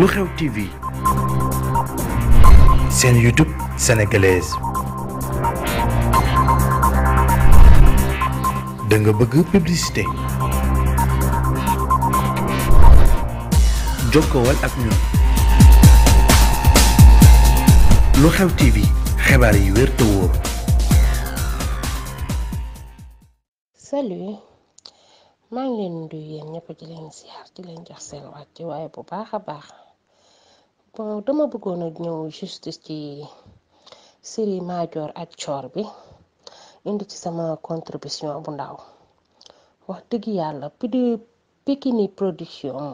lu xew TV seen YouTube sénégalaise da nga bëgg publicité jokkowal ak ñun lu xew TV xibaar yi wér te wóor. maa ngi leen nuyu yéen ñëpp di leen ziar di leen jox seen wàcc waaye bu baax a baax. waaw dama bëggoon a ñëw juste ci série Madior ak Thior bi indi ci sama contribution bu ndaw wax dëgg yàlla pidi Pikini production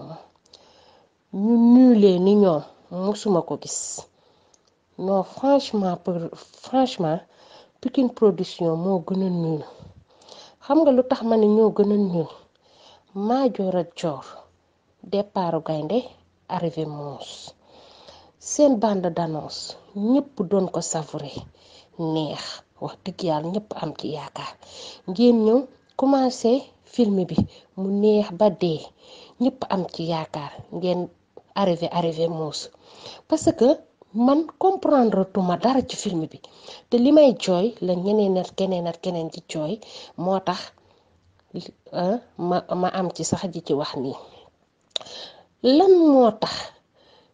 ñu nuulee ni ñoom mosuma ko gis non franchement pour franchement Pikine production moo gën a nuul xam nga lu tax ma ne ñoo gën a nuul Madior ak Thior départu gaynde arrivé muus seen bande d'annonce ñépp doon ko savouré neex wax dëgg yàlla ñëpp am ci yaakaar ngeen ñëw commencé film bi mu neex ba dee ñëpp am ci yaakaar ngeen arrivé arrivé muus parce que man comprendre tuma dara ci film bi te li may jooy la ñeneen ak keneen ak keneen ci jooy moo tax ah, ma ma am ci sax ji ci wax nii lan moo tax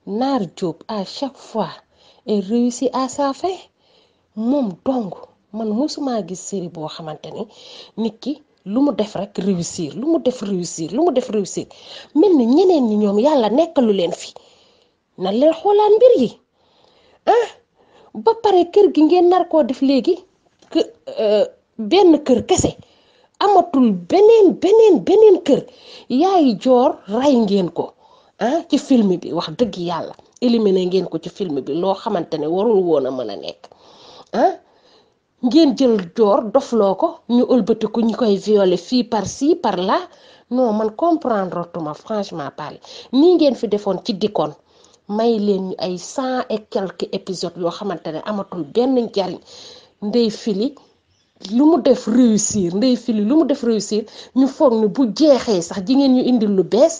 Naar Diop à chaque fois et réussi à sa fin moom dong man mosumaa gis série boo xamante ni nit ki lu mu def rekk réussir lu mu def réussir lu mu def réussir mel na ñeneen ñi ñoom yàlla nekkalu leen fi na leen xoolaan mbir yi ah, ba pare kër gi ngeen nar koo def léegi que euh, benn kër kese amatul beneen beneen beneen kër yaayi joor rey ngeen ko. Ah, ci film bi wax dëgg yàlla éliminé ngeen ko ci film bi loo xamante ne warul woon a mën a nekk ah, ngeen jël joor dofloo ko ñu ëlbatiku ñu koy violer fii par si par la non man comprendre tuma franchement parler nii ngeen fi defoon ci dikkoon may leen ñu ay cent et quelques épisodes yoo xamante ne amatul benn njariñ ndey fili lu mu def réussir ndey fili lu mu def réussir ñu foog ni bu jeexee sax jigéen ñu indil lu bees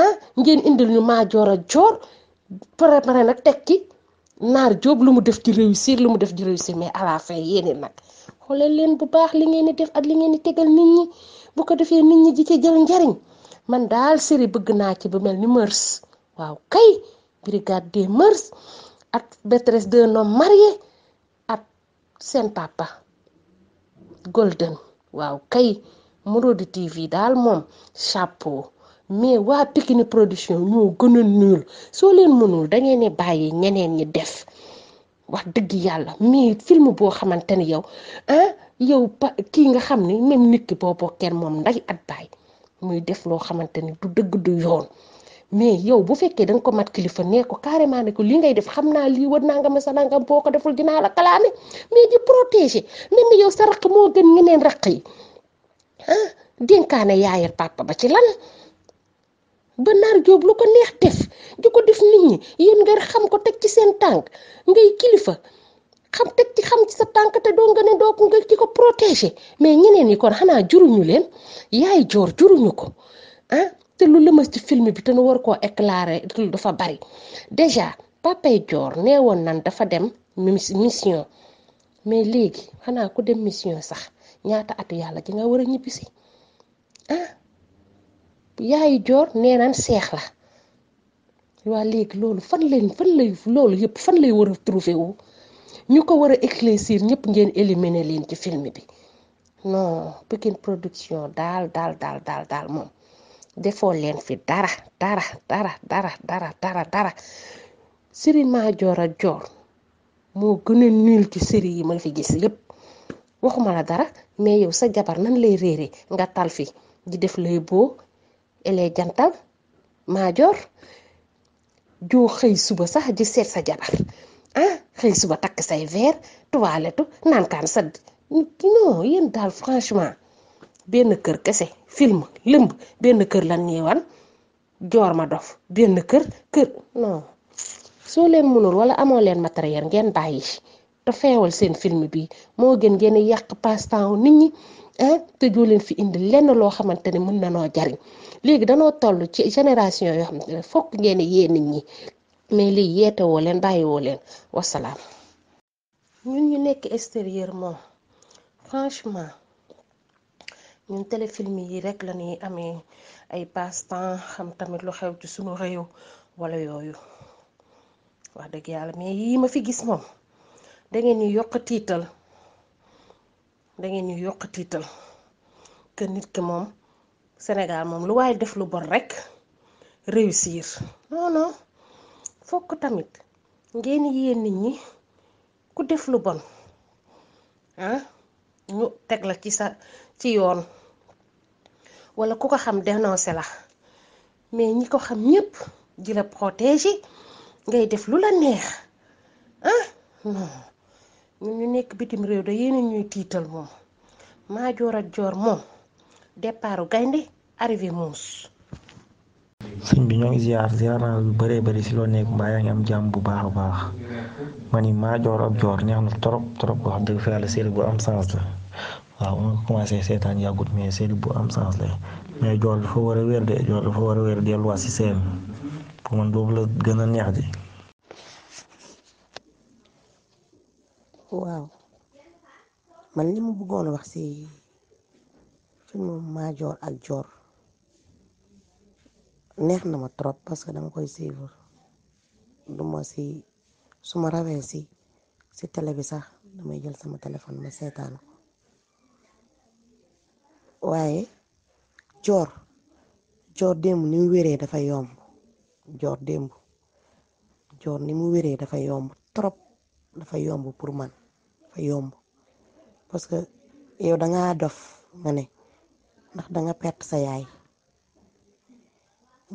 ah ngeen indil ñu joor pare pare nag tekki naar jóob lu mu def di réussir lu mu def di mais à yéene nag xoolal leen bu baax li ngeen di ak li ngeen di tegal nit ñi bu ko defee nit ñi di ci jël njariñ man daal série bëgg naa ci bu mel ni Mœurs waaw kay brigade des Mœurs ak maîtresse de noom marié ak seen papa Golden waaw kay Marodi TV daal moom chapeau mais waa Pikine production moo gën a nul soo leen mënul da ngeen ne bàyyi ñeneen ñi def wax dëgg yàlla mais film boo xamante ni yow ah yow pa kii nga xam ne même nit ki boo bokkeen moom nday at baay muy def loo xamante ni du dëgg du yoon mais yow bu fekkee da ko mat kilifa nee ko carrément ne ko li ngay def xam naa lii war naa nga ma sa boo ko deful dinaa la kalaame mais di protéger même yow sa raq moo gën ñeneen raq yi ah, dénkaane yaayal papa ba ci lan. ba naar jóob lu ko neex def di ko def nit ñi yéen nga xam ko teg ci seen tànk ngay kilifa xam teg ci xam sa tànk te doo nga ne doo ko nga mais ñeneen yi kon xanaa juruñu leen yaay joor juruñu ko ah te lu lëmas ci film bi te nu war koo éclairer dafa bari déjà papay joor nee woon nan dafa dem mission mais léegi xanaa ku dem mission sax ñaata at yàlla ji nga war a ñibbisi ah yaay joor nee naan seex la waa léegi loolu fan lañ fan lay loolu yëpp fan lay war a trouver wu ñu ko war a éclaircir ñëpp ngeen éliminer leen ci film bi non Pikine Production daal daal daal daal moom defoo leen fi dara dara dara dara dara dara dara série Madior ak moo gën a ci série yi ma fi gis yépp waxuma la dara mais yow sa jabar nan lay réere nga tal fi di def lay bo ele jantal joo xëy suba sax di seet sa jabar ah xëy suba takk say verre tuwaaletu naan kaan sa non yéen daal franchement benn kër kese film lëmb benn kër la ñuy wan joor ma dof benn kër kër soo leen mënul wala amoo leen matériel ngeen bàyyi te feewal seen film bi moo gën ngeen yàq passe-temps nit te doo leen fi indi lenn loo xamante ne mën na noo jariñ léegi danoo toll ci génération yoo xam xamante ne fokk ngeen yee nit ñi mais lii yeete woo leen bàyyi woo leen wasalaam. ñun ñu nekk extérieur moom franchement ñun téléfilm yi rek la ñuy amee ay passe-temps xam tamit lu xew ci sunu réew wala yooyu wax dëgg yàlla mais yii ma fi gis moom da ngeen ñu yokk tiital. da ngeen ñu yokk tiital nit ki moom Sénégal moom lu waaye def lu bon rek réussir non non fokk tamit ngeen yéen nit ñi ku def lu bon ah, ñu teg la ci sa ci yoon wala ku ko xam dénoncé la mais ñi ko xam ñépp di la protéger ngay def lu la neex ah non. ñun ñu nekk bitim réew da yéen ñuy tiital moom maajoor ak joor moom départu gaynde arrivé muus bi ñoo ngi ziar lu bëree bëri si loo nekk am jàmm bu baax a baax ma ni maajoor ak neex na trop trop wax dëgg fa yàlla série bu am sens la waaw ma nga commencé seetaan yàggut mais série bu am sens la mais joor dafa war a wér de joor dafa war a wér delluwaat si seen pour man boobu la gën a neex di waaw man li ma bëggoon wax ci filmu Madior ak joor neex na ma trop parce que dama koy suivre du ma ci su ma rawee si si télé sax damay jël sama téléphone ma seetaan ko waaye joor Dior démb ni mu wéree dafa yomb Dior démb Dior ni mu wéree dafa yomb trop dafa yomb pour man dafa yomb parce que yow danga dof nga ne ndax danga perte sa yaay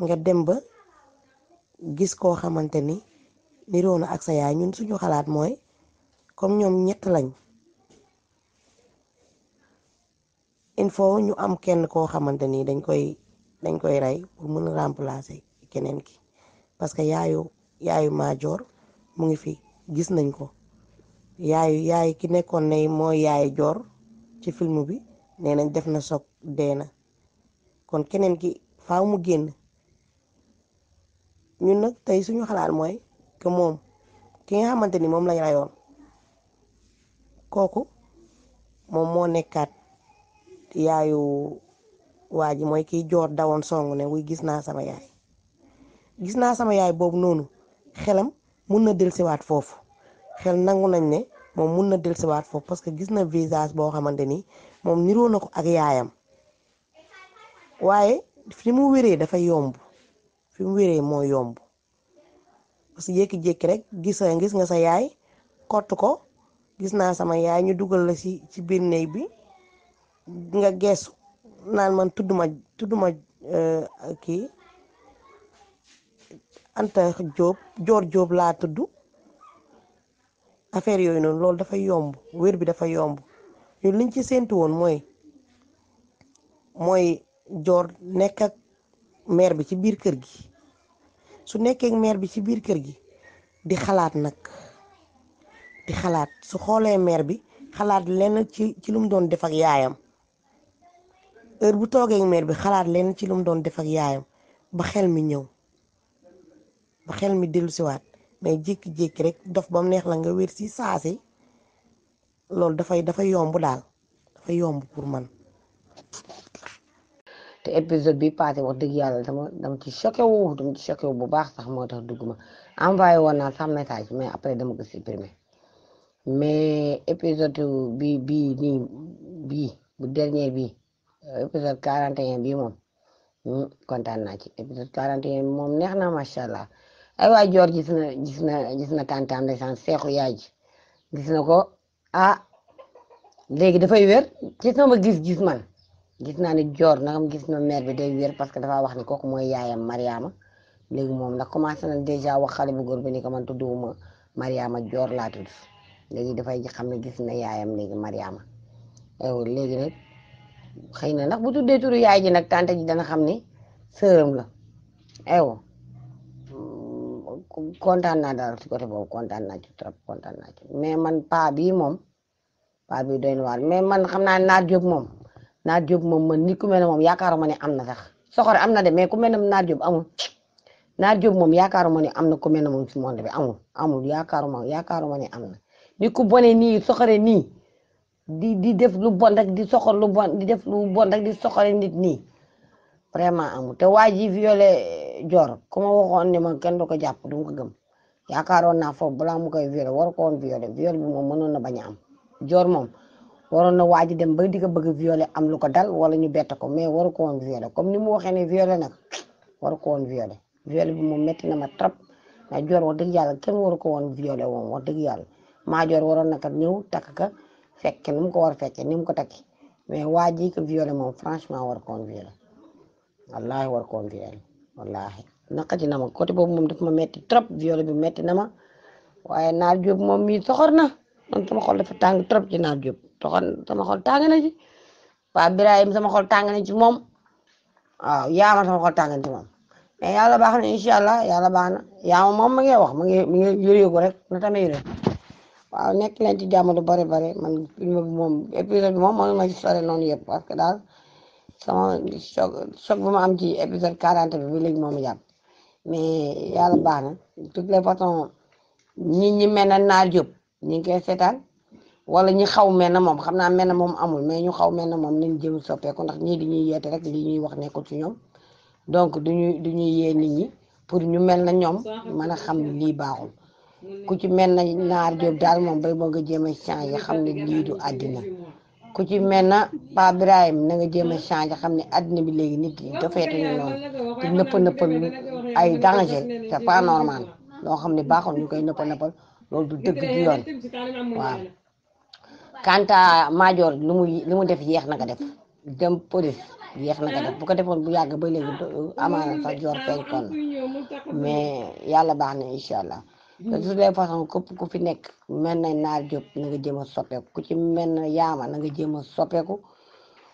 nga dem ba gis koo xamante ni niroo na ak sa yaay ñun suñu xalaat mooy comme ñoom ñett lañ il faut ñu am kenn koo xamante ni dañ koy dañ koy rey pour mën a remplacer keneen ki parce que yaayu yaayu maajoor mu ngi fi gis nañ ko yaayu yaay ki nekkoon ne mooy yaay joor ci film bi nee nañ def na soog dee na kon keneen ki faw mu génn ñun nag tey suñu xalaat mooy que moom ki nga xamante ni moom lañ rayoon kooku moom moo nekkaat yaayu waa ji mooy kiy joor dawoon song ne wuy gis naa sama yaay gis naa sama yaay boobu noonu xelam mun na dellusiwaat foofu xel nangu nañ ne moom mun na dellusiwaat foofu parce que gis na visage boo xamante ni moom niroo na ko ak yaayam waaye fi mu wéree dafa yomb fi mu wéree moo yomb parce que rek gis nga gis nga sa yaay kott ko gis naa sama yaay ñu dugal la ci ci biir néeg bi nga geesu naan man tudd tudduma tudduma euh, kii Anta Diop Dior Diop laa tudd. affaire yooyu noonu loolu dafa yomb wér bi dafa yomb ñun liñ ci séntu woon mooy mooy joor nekk ak maire bi ci biir kër gi su nekkee maire bi ci biir kër gi di xalaat nag di xalaat su xoolee maire bi xalaat lenn ci ci lu doon defak yaayam heure bu toogee maire bi xalaat lenn ci lu mu doon def yaayam ba xel mi ñëw ba xel mi dellusiwaat mais jékki-jékki rek dof ba mu neex na nga wér si saasi loolu dafay dafa yomb daal dafa yomb pour man te épisode bi passé wax dëgg yàlla dama dama ci choqué wu dama ci choqué bu baax sax moo tax dugg ma envoyé woon naa sax message mais après dama ko supprimer mais épisode bi bii nii bu dernier bi euh, épisode 41 bii moom hmm, kontaan naa ci épisode 41 bi moom neex naa macha allah ay waay joor gis na gis na gis na tàntaam ndeysaan seexu yaay ji gis na ko ah léegi dafay wér ci ma gis-gis man gis naa ne joor nagam gis na mère bi day wér parce que dafa wax ni kooku mooy yaayam Mariama léegi moom ndax commencé na dèjà wax bu góor bi ni ko man tudduma Mariama joor laa tudd léegi ji xam ne gis na yaayam léegi Mariama aywa léegi nag xëy na ndax bu tuddee turu yaay ji nag tante ji dana xam ni sërëm la aywa. kontaan naa daal si côté boobu kontaan naa ci trop kontaan naa ci mais man paa bii moom paa bii doy na waar mais man xam naa naat jóg moom naat jóg moom man nit ku mel ne moom yaakaaruma ne am na sax soxor am na de mais ku mel ne naat jóg amul naat jóg moom yaakaaruma ne am na ku mel ne moom si monde bi amul amul yaakaaruma yaakaaruma ne am na nit ku bone nii soxore nii di di def lu bon rek di soxor lu bon di def lu bon rek di soxore nit nii vraiment amul te waa ji violé Dior ku ma waxoon ne ma kenn du ko jàpp du ko gëm yaakaaroon naa foofu balaa mu koy violé war ko woon violé viol bi moom mënoon na bañ am Dior moom waroon na waaj dem ba di ko bëgg violé am lu ko dal wala ñu bett ko mais waru ko woon violé comme ni mu waxee ne violé nag waru ko woon violé violé bi moom na ma trop mais Dior wax dëgg yàlla kenn waru ko woon violé woon wax dëgg yàlla maa Dior waroon na kat ñëw takk ka fekke nu mu ko war a fekke ni mu ko takki mais waaj yi ko violé moom franchement war ko woon violé wallaahi war ko woon wallaahi naqati na ma côté boobu moom daf ma metti trop viol bi metti na ma waaye naar jóob moom mii soxor na man sama xol dafa tàng trop ci naar jóob soxor sama xol tàng na ci waa Birahim sama xol tàng na ci moom waaw yaama sama xol tàng na ci moom mais yàlla baax na incha allah yàlla baax na yaama moom ma ngi wax ma ngi ma ngi rek na tamit yore waaw nekk leen ci jàmm lu bare bare man film bi moom épisode bi moom ma ci sore noonu yëpp parce que daal sama soog soog bu ma am ci épisode quarante bi ba léegi moom jàpp mais yàlla baax na toutes le façons ñi ñi mel na naar jóg ñu ngi koy seetaan wala ñi xaw mel na moom xam naa mel na moom amul mais ñu xaw mel na moom nañ jëm soppeeku ndax ñii dañuy yeete rek li ñuy wax nekkul ci ñoom donc duñuy duñuy yee ni ñi pour ñu mel na ñoom mën a xam lii baaxul ku ci mel na naar jóg daal moom bay boo nga jéem a changé xam ne lii du àddina ku ci mel na Pa Birahim na nga jéem a changé xam ne adduna bi léegi nit yi dafeete ñu noonu di nëppa nëppal ay danger c'est pas normal loo xam ni baaxul ñu koy nëppa nëppal loolu du dëgg du yoon waaw kanta maajoor lu mu lu mu def yeex na nga def dem police yeex na nga def bu ko defoon bu yàgg ba léegi amaana sax joor feeñ mais yàlla baax na incha allah te su dee façon képp ku fi nekk mel na naar Diop na nga jéem a soppeeku ku ci mel na yaama na nga jéem a soppeeku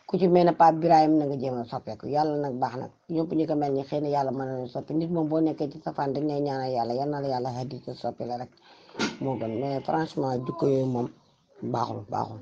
ku ci mel ne Pape Birahim na nga jéem a soppeeku yàlla nag baax na ñëpp ñu ko mel ni xëy na yàlla mën na leen soppi nit moom boo nekkee ci safaan dañ lay ñaanal yàlla yal na la yàlla xëy di soppi la rek moo gën mais franchement jikko yooyu moom baaxul baaxul.